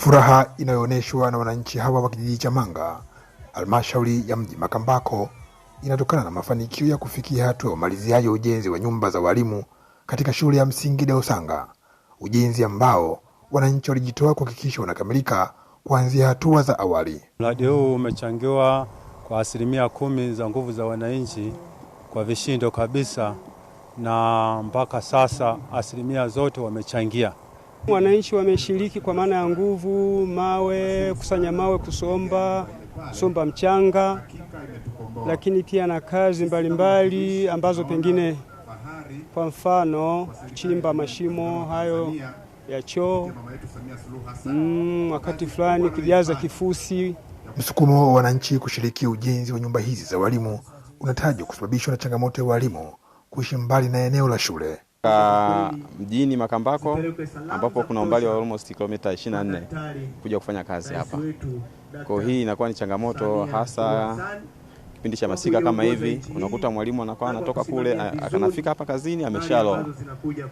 Furaha inayoonyeshwa na wananchi hawa wa kijiji cha Manga, halmashauri ya mji Makambako, inatokana na mafanikio ya kufikia hatua ya umaliziaji wa ujenzi wa nyumba za walimu katika shule ya msingi Deusanga, ujenzi ambao wananchi walijitoa kuhakikisha unakamilika kuanzia hatua za awali. Mradi huu umechangiwa kwa asilimia kumi za nguvu za wananchi kwa vishindo kabisa, na mpaka sasa asilimia zote wamechangia. Wananchi wameshiriki kwa maana ya nguvu, mawe, kusanya mawe, kusomba kusomba mchanga, lakini pia na kazi mbalimbali mbali, ambazo pengine kwa mfano kuchimba mashimo hayo ya choo mm, wakati fulani kujaza kifusi. Msukumo wa wananchi kushiriki ujenzi wa nyumba hizi za walimu unatajwa kusababishwa na changamoto ya walimu kuishi mbali na eneo la shule. Ka mjini Makambako ambapo kuna umbali wa almost kilomita 24 kuja kufanya kazi hapa. Kwa hii inakuwa ni changamoto hasa kipindi cha masika kama hivi, unakuta mwalimu anakuwa anatoka kule akanafika hapa kazini ameshalo,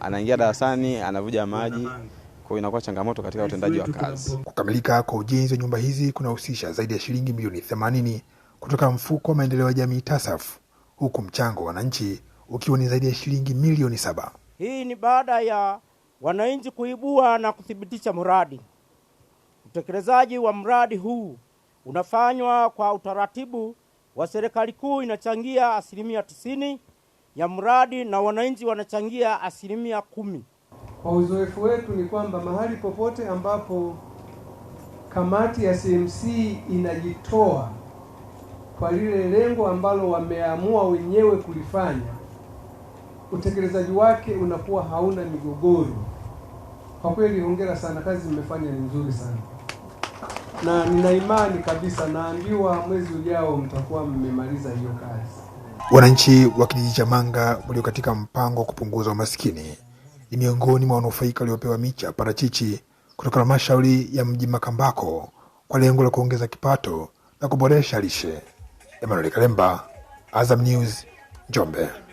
anaingia darasani anavuja maji kwa hiyo inakuwa changamoto katika utendaji wa kazi. Kukamilika kwa ujenzi wa nyumba hizi kunahusisha zaidi ya shilingi milioni 80 kutoka mfuko wa maendeleo ya jamii TASAF, huku mchango wa wananchi ukiwa ni zaidi ya shilingi milioni saba. Hii ni baada ya wananchi kuibua na kuthibitisha mradi. Utekelezaji wa mradi huu unafanywa kwa utaratibu wa serikali kuu inachangia asilimia tisini ya mradi na wananchi wanachangia asilimia kumi. Kwa uzoefu wetu ni kwamba mahali popote ambapo kamati ya CMC inajitoa kwa lile lengo ambalo wameamua wenyewe kulifanya utekelezaji wake unakuwa hauna migogoro. Kwa kweli hongera sana, kazi mmefanya ni nzuri sana, na nina imani kabisa, naambiwa mwezi ujao mtakuwa mmemaliza hiyo kazi. Wananchi wa kijiji cha Manga walio katika mpango wa kupunguza umaskini ni miongoni mwa wanufaika waliopewa miche ya parachichi kutoka halmashauri ya mji Makambako kwa lengo la kuongeza kipato na kuboresha lishe. Emmanuel Kalemba, Azam News, Njombe.